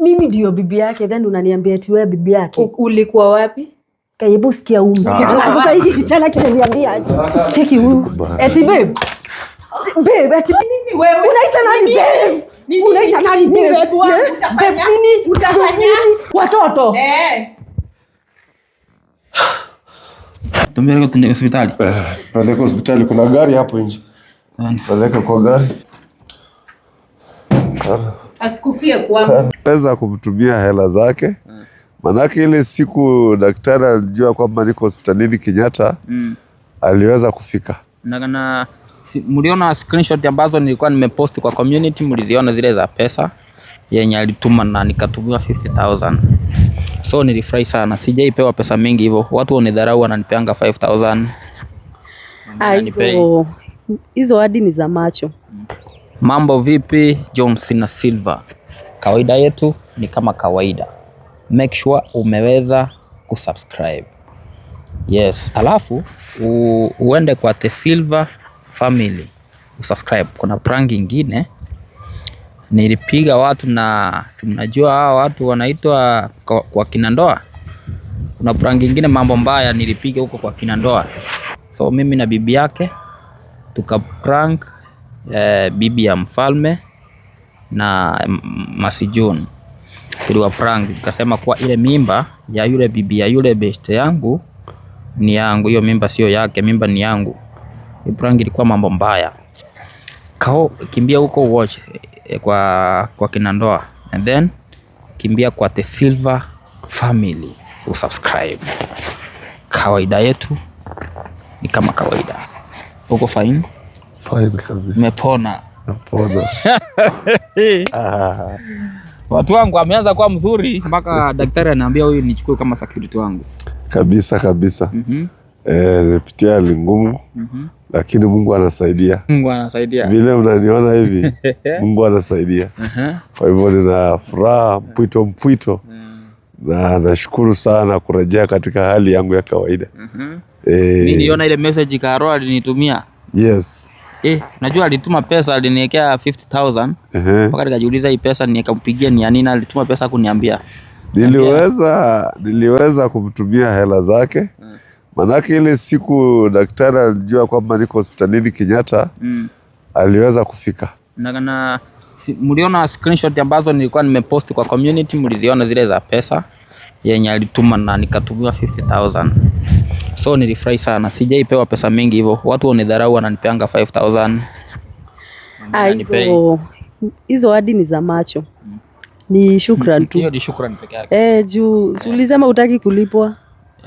mimi ndio bibi yake, then unaniambia eti wewe bibi yake. ulikuwa wapi? Kaibu sikia umzi. Ah. Sasa hiki kitana kinaniambia aje? Cheki huyu. Eti babe. Babe, eti mimi wewe. Unaita nani babe? Unaita nani babe? Babe, utafanya? Watoto. Eh. Tumpeleke kwenye hospitali. Eh, Peleka hospitali, kuna gari hapo nje. Peleka kwa gari. Asikufie kwangu pesa kumtumia hela zake, maanake mm. ile siku daktari alijua kwamba niko hospitalini Kenyatta mm. aliweza kufika na, na, si, mliona screenshot ambazo nilikuwa nimepost kwa community, mliziona zile za pesa yenye alituma na nikatumiwa 50000 so nilifurahi sana, sijaipewa pesa mingi hivyo. Watu wanidharau wananipeanga 5000 ah, hizo hizo hadi ni za macho. Mambo vipi Johnson na Silver kawaida yetu ni kama kawaida, make sure umeweza kusubscribe. Yes, alafu u, uende kwa The Silver Family usubscribe. Kuna prank ingine nilipiga watu na si mnajua hao watu wanaitwa kwa, kwa kinandoa. Kuna prank ingine mambo mbaya nilipiga huko kwa kinandoa, so mimi na bibi yake prank eh, bibi ya mfalme na tuliwa prank, nikasema kuwa ile mimba ya yule bibi ya yule best yangu ni yangu, hiyo mimba sio yake, mimba ni yangu. Prank ilikuwa mambo mbaya, kao kimbia huko watch eh, kwa kwa kinandoa, and then kimbia kwa The Silver Family usubscribe. Kawaida yetu ni kama kawaida, uko fine fine kabisa, mepona Ah. Watu wangu ameanza kuwa mzuri mpaka daktari anaambia huyu nichukue kama security wangu kabisa kabisa. mm -hmm. E, eh, nipitia hali ngumu mm -hmm. Lakini Mungu anasaidia, Mungu anasaidia vile mnaniona hivi Mungu anasaidia uh -huh. Kwa hivyo nina furaha mpwito mpwito uh ah. -huh. Na nashukuru sana kurejea katika hali yangu ya kawaida. uh -huh. E, niliona ile message karoa alinitumia. Yes. Eh, najua alituma pesa aliniwekea 50000. Mpaka nikajiuliza hii pesa nikampigia ni nini alituma pesa kuniambia. Niliweza niliweza kumtumia hela zake. maanake hmm. Manake ile siku daktari alijua kwamba niko hospitalini Kenyatta. Mm. Aliweza kufika. Na na si, mliona screenshot ambazo nilikuwa nimepost kwa community, mliziona zile za pesa yenye alituma na nikatumiwa 50000. So nilifurahi sana, sijaipewa pesa mingi hivyo. Watu wanidharau wananipeanga 5000 ah, hizo hizo hadi ni za macho. Ni shukrani tu. Hiyo ni shukrani peke yake. Eh, juu ulisema utaki kulipwa.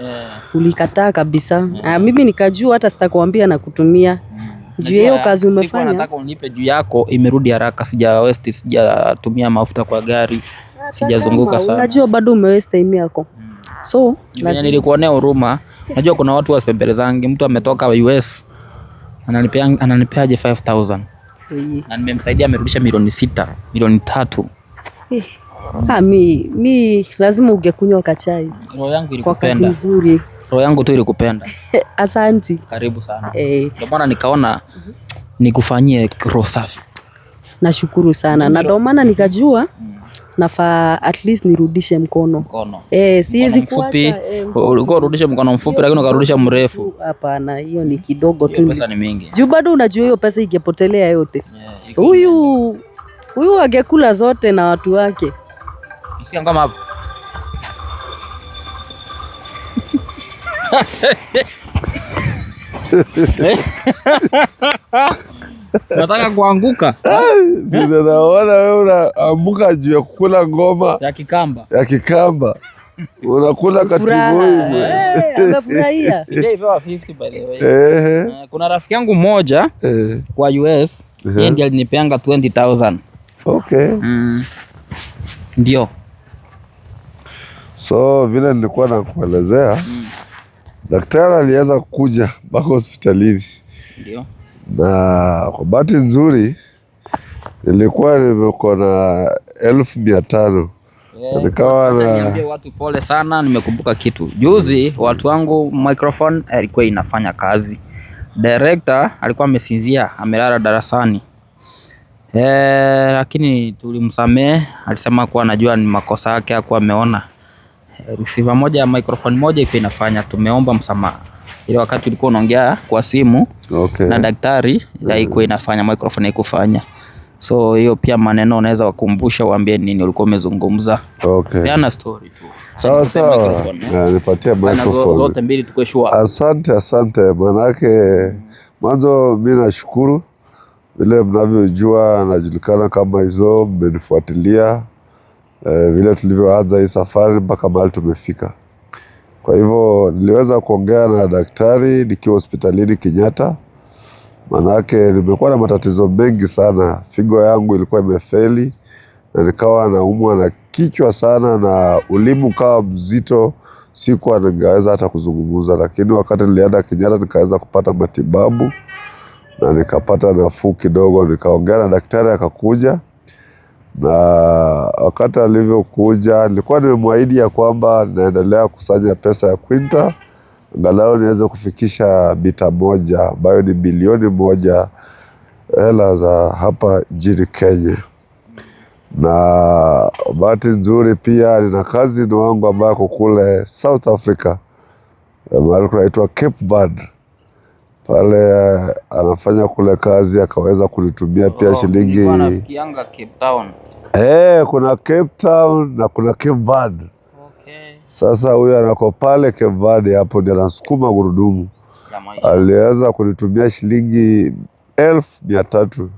Yeah. Ulikataa kabisa. Yeah. Eh. Mimi nikajua hata sitakwambia na kutumia hmm. juu hiyo kazi umefanya. Nataka unipe juu yako, imerudi haraka, sija waste, sijatumia mafuta kwa gari, ah, sijazunguka sana. Unajua bado ume waste time yako. Mm so nilikuonea huruma. Najua kuna watu wasipembelezangi, mtu ametoka US ananipea ananipeaje 5000 na nimemsaidia amerudisha milioni sita milioni tatu. Ha, eh. ah, mi, mi lazima ungekunywa kachai. Roho yangu ilikupenda. Kwa kazi nzuri. Roho yangu tu ilikupenda. Asante. Karibu sana. Eh. Ndio maana nikaona nikufanyie roho safi. Nashukuru sana na ndio maana nikajua mm nafaa at least nirudishe mkono, mkono. E, siwezi kuacha ulikuwa urudishe mkono mfupi lakini ukarudisha mrefu. Hapana, hiyo ni kidogo tu, pesa ni mingi juu bado unajua hiyo pesa ingepotelea yote. Huyu huyu angekula zote na watu wake kama Nataka kuanguka. Sasa naona wewe juu ya kukula ngoma ya Kikamba, ya Kikamba unakula katiamefurahia. Eh, eh, kuna rafiki yangu mmoja eh. kwa US yeye ndiye alinipeanga 20000. Okay. Mm. Ndio. So vile nilikuwa nakuelezea, mm. Daktari aliweza kuja mpaka hospitalini. Ndio na kwa bahati nzuri nilikuwa nimekuwa na elfu mia tano Yeah, nikawa na... watu pole sana, nimekumbuka kitu juzi. mm Watu wangu microphone alikuwa eh, inafanya kazi, director alikuwa amesinzia, amelala darasani eh, lakini tulimsamehe. Alisema kuwa anajua ni makosa yake, hakuwa ameona eh, receiver moja ya microphone moja iko inafanya. Tumeomba msamaha ile wakati ulikuwa unaongea kwa simu okay. na daktari haikuwa inafanya microphone haikufanya so hiyo pia maneno unaweza wakumbusha, waambie nini ulikuwa umezungumza. Okay. Peana story tu. Sawa sawa. Eh? Nipatie microphone. Zote mbili tuko sure. Asante, asante manake mwanzo mi nashukuru vile mnavyojua, najulikana kama hizo, mmenifuatilia eh, vile tulivyoanza hii safari mpaka mahali tumefika. Kwa hivyo niliweza kuongea na daktari nikiwa hospitalini Kenyatta, maanake nimekuwa na matatizo mengi sana. Figo yangu ilikuwa imefeli na nikawa naumwa na kichwa sana na ulimi ukawa mzito, sikuwa ningeweza hata kuzungumza, lakini wakati nilienda Kenyatta nikaweza kupata matibabu na nikapata nafuu kidogo, nikaongea na daktari akakuja na wakati alivyokuja nilikuwa nimemwahidi ya kwamba naendelea kusanya pesa ya Quinta angalau niweze kufikisha mita moja ambayo ni bilioni moja hela za hapa nchini Kenya. Na bahati nzuri pia nina kazi ni wangu ambayo ako kule South Africa mahali kunaitwa Cape Verde pale eh, anafanya kule kazi akaweza kunitumia pia oh, shilingi eh, kuna Cape Town na kuna Cape Verde. Okay. Sasa huyo anako pale Cape Verde hapo ndio anasukuma gurudumu, aliweza kunitumia shilingi elfu mia tatu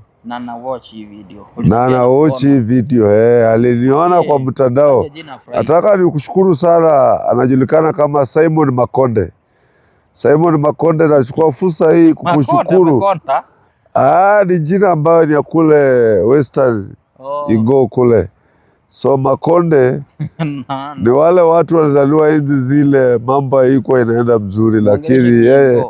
na hii video eh, aliniona eh, kwa mtandao. Nataka nikushukuru sana, anajulikana kama Simon Makonde Simon Makonde, nachukua fursa hii kukushukuru. Ah, ni jina ambayo ni ya kule Western oh. Igo kule so Makonde ni wale watu walizaliwa enzi zile mambo haikuwa inaenda mzuri, lakini yeye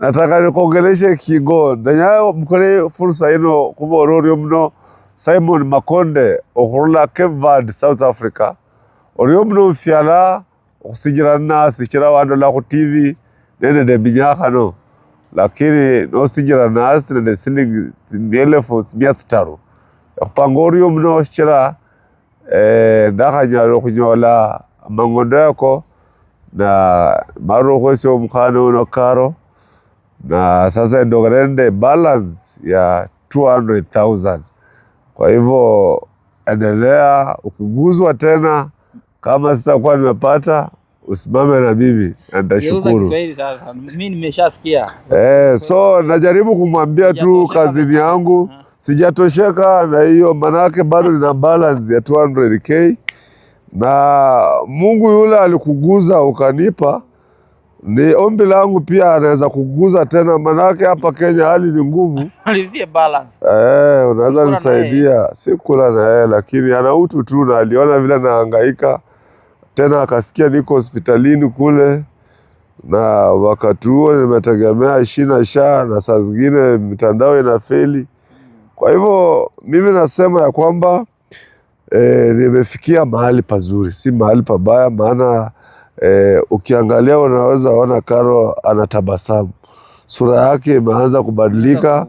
nataka nikuongeleshe Kigo ndanyayo mkore fursa ino kuba ororio mno Simon Makonde okurula Cape Verde, South Africa orio mno mfyala okhusichira nnasi sichira wandola khutivi nende ndeminyakha lakini nosinjira nasi nende silingi tsielefu tsimia tsitaru ekhupanga orio muno sichira eh, ndakhanyala okhunyola amang'ondo yako na mara okhwesia omukhana uno karo na sasa endokera nende balance ya 200,000 kwa hivyo endelea ukuguzwa tena kama sitakuwa nimepata usimame na mimi na nitashukuru. Eh, so najaribu kumwambia tu kazini yangu uh-huh. sijatosheka na hiyo, manake bado nina balance ya 200k na Mungu yule alikuguza ukanipa, ni ombi langu pia anaweza kuguza tena, manake hapa Kenya hali ni ngumu. Eh, unaweza nisaidia, sikula na yeye, lakini ana utu tu na aliona vile nahangaika tena akasikia niko hospitalini kule, na wakati huo nimetegemea shina sha na saa zingine mitandao inafeli. Kwa hivyo mimi nasema ya kwamba e, nimefikia mahali pazuri, si mahali pabaya, maana e, ukiangalia unaweza ona Caro anatabasamu, sura yake imeanza kubadilika,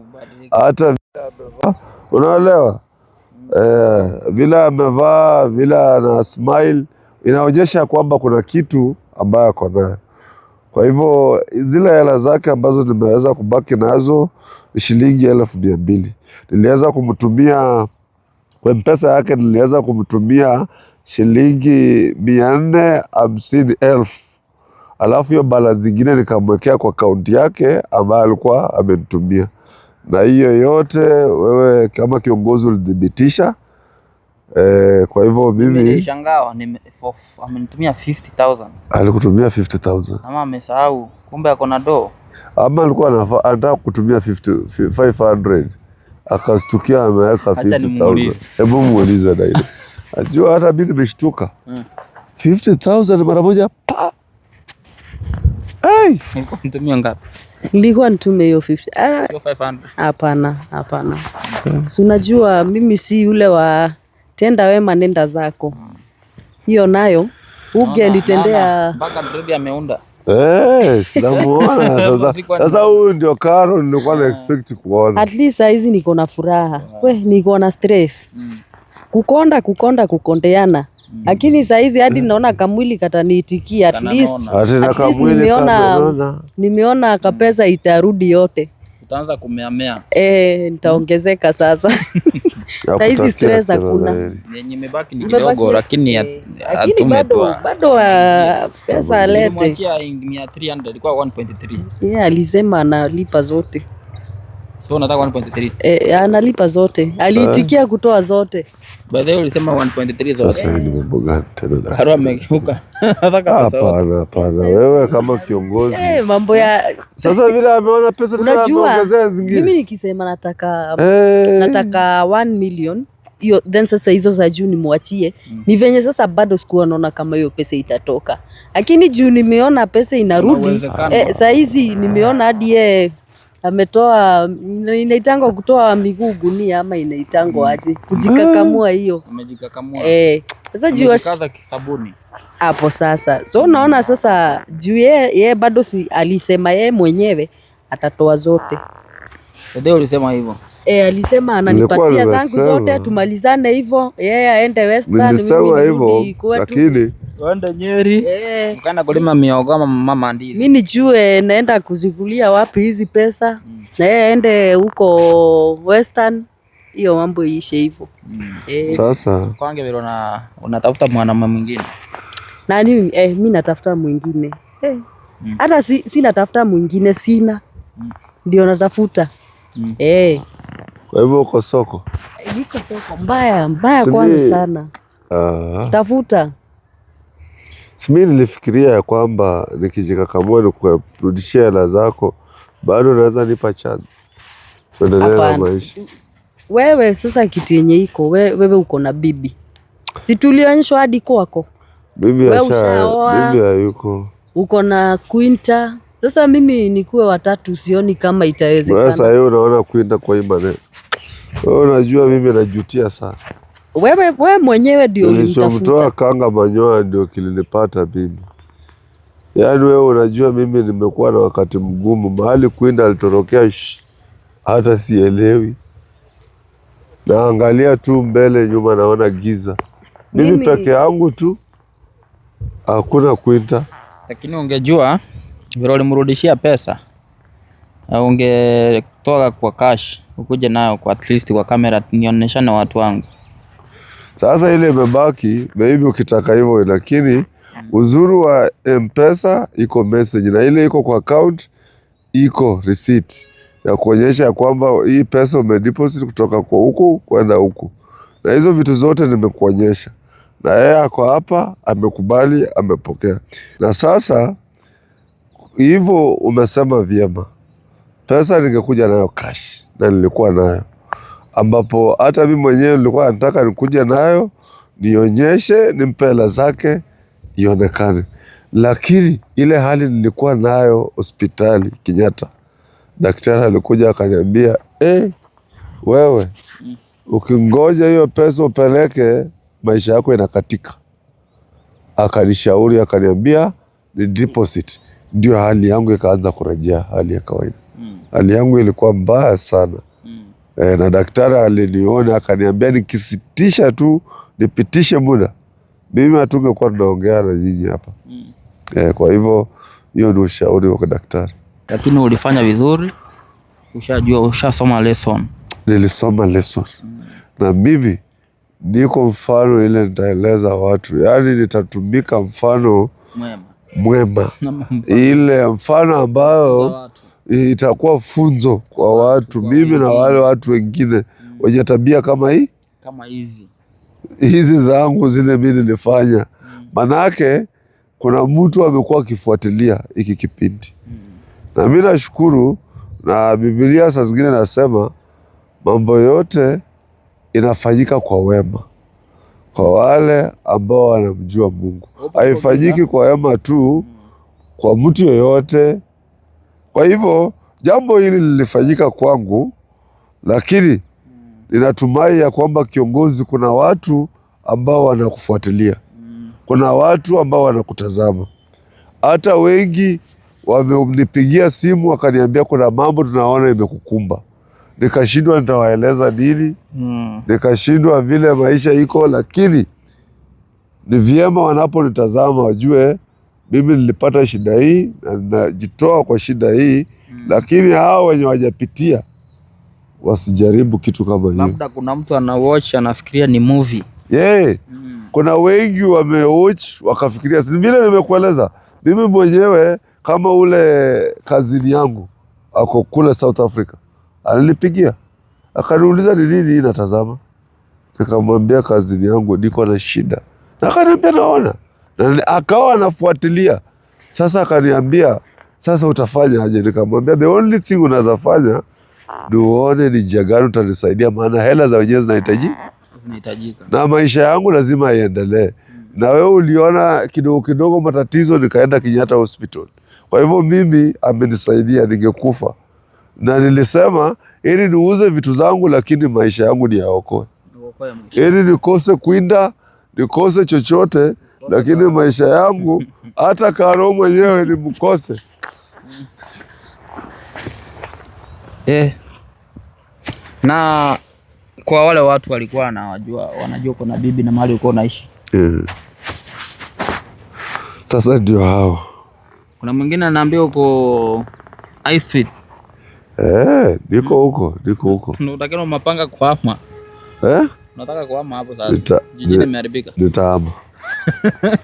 hata unaelewa eh, vile amevaa, vile ana smile inaonyesha kwamba kuna kitu ambayo ako nayo. Kwa hivyo zile hela zake ambazo nimeweza kubaki nazo ni shilingi elfu mia mbili. Niliweza kumtumia kwa mpesa yake, niliweza kumtumia shilingi mia nne hamsini elfu alafu hiyo balance zingine nikamwekea kwa kaunti yake ambayo alikuwa amenitumia, na hiyo yote wewe kama kiongozi ulithibitisha Eh, kwa hivyo mimi nilishangaa amenitumia 50000. Alikutumia 50000. Ama amesahau. Kumbe ako na do. Ama alikuwa anataka kutumia 50 500 akastukia ameweka 50000. Hebu muulize na Ajua hata mimi nimeshtuka. 50000 hmm. mara moja pa. Hey, nitumia ngapi? Nilikuwa nitume hiyo 50. Sio 500. Hapana, hapana. Hmm. Si unajua mimi si yule wa tenda wema, nenda zako. Hiyo nayo uge alitendea eh, namuona sasa. Huyu ndio Karo nilikuwa na ah. expect kuona. At least hizi niko na furaha ah. we, niko na stress mm. kukonda kukonda kukondeana mm. lakini saa hizi hadi naona kamwili kataniitikia, at least nimeona nimeona kapesa itarudi yote utaanza kumeamea eh, nitaongezeka sasa. Sasa hizi stress hakuna, yenye imebaki ni kidogo, lakini eh, atume tu bado pesa alete. yeye alisema analipa zote, so unataka 1.3? Eh, analipa zote, aliitikia eh. kutoa zote. Baadaye ulisema 1.3 zote. Sasa ni mambo gani tena? Haro amegeuka. Hapana, hapana. Wewe kama kiongozi. Eh, mambo ya Sasa vile ameona pesa tena ameongezea zingine. Mimi nikisema nataka eh. nataka 1 million. Hiyo then sasa hizo za juu nimwachie. Hmm. Ni venye sasa bado sikuwa naona kama hiyo pesa itatoka. Lakini juu nimeona pesa inarudi. Eh, saa hizi nimeona hadi yeye ametoa inaitangwa kutoa miguu gunia ama inaitangwa mm. aje? Kujikakamua mm. hiyo. Umejikakamua. Eh. Sasa juu sabuni hapo sasa, so unaona mm. sasa, juu ye bado si alisema ye mwenyewe atatoa zote. Ndio ulisema hivyo. E, alisema ananipatia zangu zote tumalizane hivyo yeye, yeah, aende Western nilisema hivyo lakini waende Nyeri yeah. Mkaenda kulima ama mama ndizi. Mimi nijue naenda kuzikulia wapi hizi pesa mm. Na eh, yeye aende huko Western hiyo mambo iishe hivyo mm. E. Sasa kwange vile una unatafuta mwanaume mwingine nani? Eh, mimi natafuta mwingine hata eh. Mm. Si, si natafuta mwingine sina mm. Ndio natafuta mm. Eh. Kwa hivyo uko soko? Niko soko mbaya mbaya, kwanza sana. Aha. Tafuta. Simi nilifikiria ya kwamba nikijikakamua nikurudishia hela zako bado naweza nipa chance tuendelee na maisha. Wewe sasa kitu yenye iko wewe, wewe uko na bibi, si tulionyeshwa hadi kwako bibi hayuko, uko na Quinta. Sasa mimi nikuwe watatu, sioni kama itawezekana. Sasa hiyo unaona Quinta kwa hii maneno Unajua mimi najutia sana. Wewe wewe mwenyewe ndio ulimtafuta. Mtoa Kanga Manyoya ndio kilinipata mimi. Yaani wewe unajua mimi nimekuwa na wakati mgumu, mahali kwenda alitorokea hata sielewi. Naangalia tu mbele, nyuma naona giza. Mimi, peke yangu tu hakuna kwenda. Lakini ungejua vile ulimrudishia pesa, ungetoa kwa cash ukuje nayo kwa at least kwa kamera nionyeshane watu wangu. Sasa ile imebaki maybe ukitaka hivyo, lakini uzuri wa Mpesa iko message na ile iko kwa account iko receipt ya kuonyesha ya kwamba hii pesa umedeposit kutoka kwa huku kwenda huku, na hizo vitu zote nimekuonyesha, na yeye ako hapa, amekubali, amepokea. Na sasa hivyo umesema vyema pesa ningekuja nayo cash na nilikuwa nayo, ambapo hata mimi mwenyewe nilikuwa nataka nikuja nayo nionyeshe, nimpe hela zake ionekane, lakini ile hali nilikuwa nayo hospitali Kenyatta, daktari alikuja akaniambia, eh, wewe ukingoja hiyo pesa upeleke, maisha yako inakatika. Akanishauri akaniambia ni deposit, ndio hali yangu ikaanza kurejea hali ya kawaida hali yangu ilikuwa mbaya sana mm. E, na daktari aliniona akaniambia nikisitisha tu nipitishe muda mimi hatungekuwa tunaongea na nyinyi hapa mm. E, kwa hivyo hiyo ni ushauri wa daktari. Lakini ulifanya vizuri, ushajua, ushasoma lesson. Nilisoma lesson mm. na mimi niko mfano ile nitaeleza watu, yaani nitatumika mfano mwema, mwema. ile mfano ambayo itakuwa funzo kwa watu, mimi na wale watu wengine wenye tabia kama hii kama hizi hizi zangu zile mi nilifanya. Mm. Manake kuna mtu amekuwa akifuatilia hiki kipindi mm. na mi nashukuru, na Biblia saa zingine nasema mambo yote inafanyika kwa wema kwa wale ambao wanamjua Mungu, haifanyiki kwa wema tu mm. kwa mtu yoyote kwa hivyo jambo hili lilifanyika kwangu, lakini ninatumai ya kwamba kiongozi, kuna watu ambao wanakufuatilia, kuna watu ambao wanakutazama. Hata wengi wamenipigia simu wakaniambia kuna mambo tunaona imekukumba, nikashindwa nitawaeleza nini mm. Nikashindwa vile maisha iko, lakini ni vyema wanaponitazama wajue mimi nilipata shida hii na ninajitoa kwa shida hii mm. Lakini hao wenye wajapitia wasijaribu kitu kama hiyo. Labda kuna mtu ana watch anafikiria ni movie yeah. mm. Kuna wengi wame watch wakafikiria, si vile nimekueleza mimi mwenyewe, kama ule kazini yangu ako kule South Africa alinipigia akaniuliza ni nini hii natazama, nikamwambia kazini yangu niko na shida, na akaniambia naona akawa anafuatilia. Sasa akaniambia sasa utafanya aje? Nikamwambia the only thing unaweza fanya ni uone ni njia gani utanisaidia, maana hela za wenyewe zinahitaji na maisha yangu lazima iendelee. Hmm. Na wewe uliona kidogo kidogo matatizo, nikaenda Kenyatta Hospital. Kwa hivyo mimi amenisaidia, ningekufa na nilisema ili niuze vitu zangu, lakini maisha yangu ni yaokoe, ili nikose kwinda nikose chochote lakini maisha yangu hata karo mwenyewe ni mkose eh. Na kwa wale watu walikuwa wanajua wanajua kuna bibi na mahali uko naishi eh. Sasa ndio hao, kuna mwingine anaambia uko High Street eh, niko huko niko huko, ndio mapanga kuhama eh Nataka kuhama hapo sasa. Jijini imeharibika. Nitaama.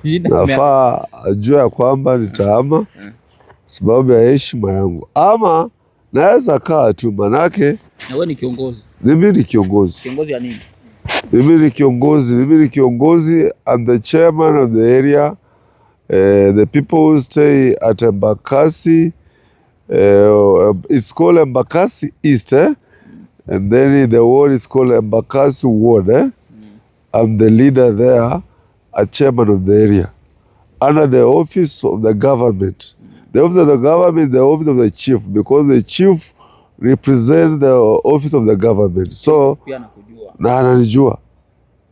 Nafaa ajue ya kwamba eh. nitaama eh. sababu ya heshima yangu, ama naweza kaa tu, manake mimi ni kiongozi. Mimi ni kiongozi, mimi ni kiongozi. I'm the chairman of the area. Uh, the people who stay at Embakasi, uh, it's called Embakasi East, eh? And then in the ward is called Embakasu ward, eh? Mm. I'm the leader there, a chairman of the area. Under the office of the government. mm. The office of the government, the office of the chief, because the chief represent the office of the government. So, na ananijua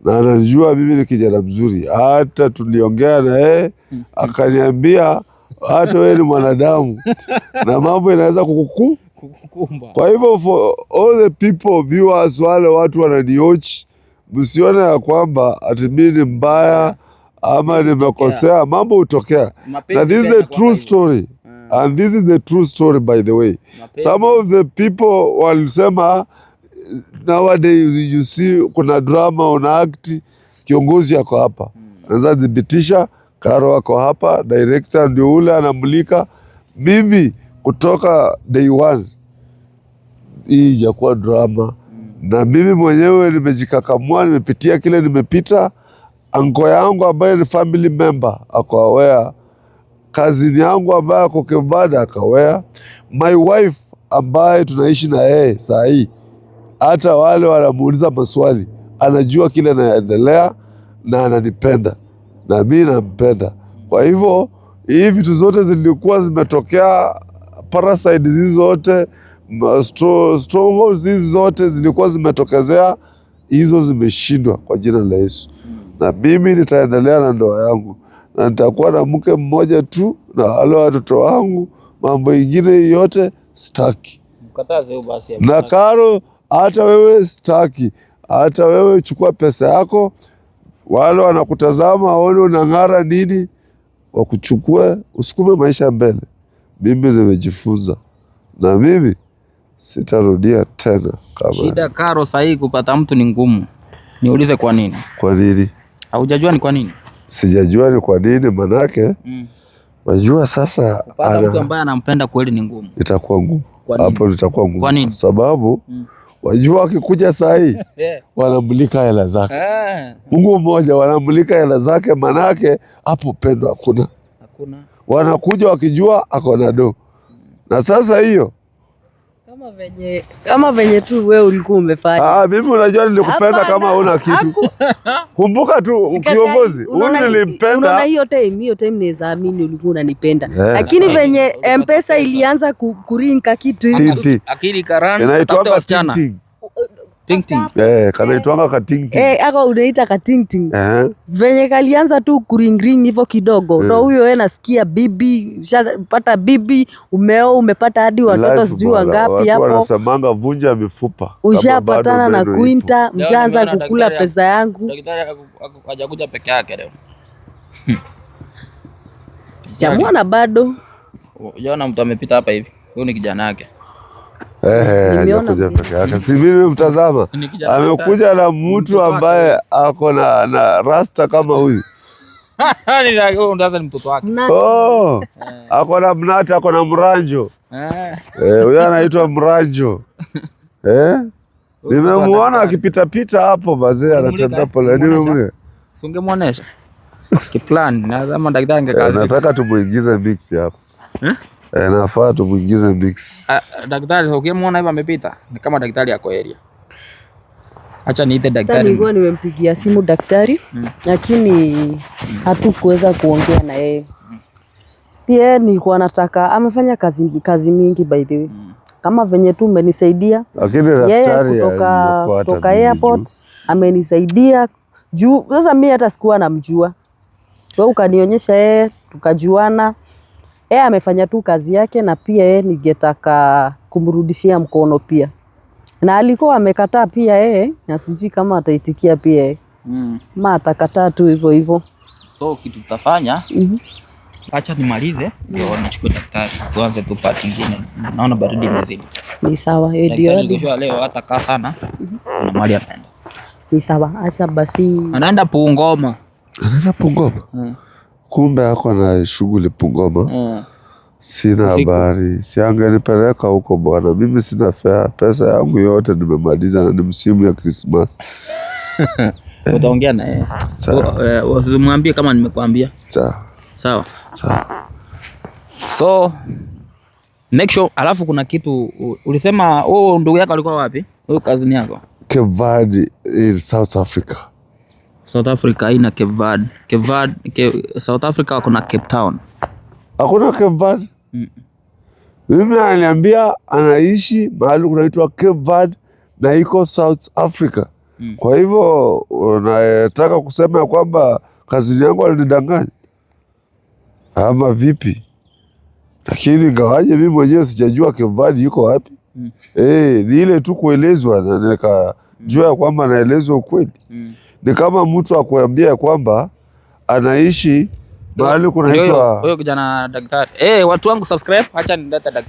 na ananijua mimi ni kijana mzuri, hata tuliongea na yeye akaniambia hata wewe ni mwanadamu na mambo inaweza kukuku kukukumba. Kwa hivyo for all the people viewers, wale watu wananioch, msione ya kwamba ati mimi ni mbaya ama nimekosea. Mambo hutokea na this is the true story and this is the true story by the way. Some of the people walisema nowadays you see kuna drama una act, kiongozi yako hapa hmm. anaweza dhibitisha Karo ako hapa, director ndio ule anamulika. Mimi kutoka day one hii ijakuwa drama mm. na mimi mwenyewe nimejikakamua, nimepitia kile nimepita. Anko yangu ambaye ni family member akawea, kazini yangu ambaye ako Kibada akawea, my wife ambaye tunaishi na yeye saa hii, hata wale wanamuuliza maswali anajua kile anaendelea na ananipenda na mi nampenda. Kwa hivyo hii vitu zote zilikuwa zimetokea, parasite hizi zote strongholds hizi zote zilikuwa zimetokezea, hizo zimeshindwa kwa jina la Yesu. Na mimi nitaendelea na ndoa yangu na nitakuwa na mke mmoja tu na wale watoto wangu, mambo ingine yote sitaki. Na Karo, hata wewe staki, hata wewe chukua pesa yako, wale wanakutazama waone unang'ara nini, wakuchukue, usukume maisha mbele. Mimi nimejifunza na mimi sitarudia tena kabla. Shida karo sahihi kupata mtu ni ngumu. Niulize kwa nini? Kwa nini? Haujajua ni kwa nini? Sijajua ni kwa nini manake mm. Najua sasa ana... mtu ambaye anampenda kweli ni ngumu. Itakuwa ngumu. Hapo itakuwa ngumu. Kwa nini? Sababu mm. Wajua wakikuja saa hii wanamulika hela zake. Eh. Mungu mmoja wanamulika hela zake, manake hapo pendo hakuna. Hakuna. Wanakuja wakijua ako na do. Na sasa hiyo kama venye kama venye tu wewe ulikuwa umefanya. Ah, mimi unajua nilikupenda kama una kitu. Kumbuka tu kiongozi, nilimpenda. Unaona hiyo time, hiyo time naweza amini ulikuwa unanipenda. Lakini venye mpesa ilianza kurinka kitu hivi. Akili karani. Inaitwa wasichana ting eh, eh, kanaitwanga katingting. Eh, ako unaita ka Uh eh. -huh. Venye kalianza tu kuringring hivyo kidogo. Mm. Eh. Ndio huyo yeye nasikia bibi, ushapata bibi, umeo umepata hadi watoto sijui wangapi hapo. Watu wanasemanga vunja mifupa. Ushapatana na kuinta, mshaanza kukula pesa yangu. Daktari hajakuja peke yake leo. Sijamuona bado. Yona mtu amepita hapa hivi. Huyu ni kijana yake. Si mimi mtazama, amekuja na mtu ambaye ako na, na rasta kama huyu oh, eh. ako na mnati ako na mranjo eh. Eh, huyo eh, anaitwa mranjo eh? akipitapita hapo bazee, anatembea pole. Nataka tumuingize mix hapo eh? E, nafaa tumuingize mix. Ah, daktari ukimwona hivi amepita ni kama daktari yako area. Acha niite daktari. Nilikuwa nimempigia simu daktari hmm, lakini hatukuweza kuongea na yeye. Pia nilikuwa nataka amefanya kazi, kazi mingi by the way hmm, kama venye tu umenisaidia lakini yeye kutoka, kutoka airport amenisaidia juu sasa mimi hata sikuwa namjua wewe ukanionyesha yeye tukajuana yeye amefanya tu kazi yake, na pia yeye ningetaka kumrudishia mkono pia, na alikuwa amekataa pia yeye, na sijui kama ataitikia pia yeye mm. ma atakataa tu hivyo hivyo, so kitu tutafanya mm -hmm. Acha nimalize ndio wanachukua daktari, tuanze tu part nyingine. Naona baridi imezidi. Ni sawa, hiyo ndio ndio. Leo hata kaa sana na mali anaenda. Ni sawa, acha basi. Anaenda Pungoma, anaenda Pungoma. Mm kumbe ako na shughuli Mm. Sina habari, si angenipeleka huko bwana. Mimi sina fea, pesa yangu yote nimemaliza na ni msimu ya Krismas. Utaongea naye eh, usimwambie kama nimekuambia. Sawa. Sawa. Sawa. So make sure, alafu kuna kitu ulisema, wewe ndugu yako alikuwa wapi? Wewe kazini yako Cape eh, Verde, South Africa. South Africa haina Cape Verde. Cape Verde, Cape, South Africa hakuna Cape Town. Hakuna Cape Verde? Mm. Mimi ananiambia anaishi mahali kunaitwa Cape Verde na iko South Africa. Mm. Kwa hivyo unataka kusema ya kwamba kazini yangu alinidanganya ama vipi? Lakini ngawaje mimi mwenyewe sijajua Cape Verde iko wapi. Mm. Eh, ni ile tu kuelezwa na nikajua kwamba naelezwa ukweli. Mm ni kama mtu akuambia kwamba anaishi mahali kunaitwa huyo kijana daktari. Eh, watu wangu subscribe, acha nileta daktari.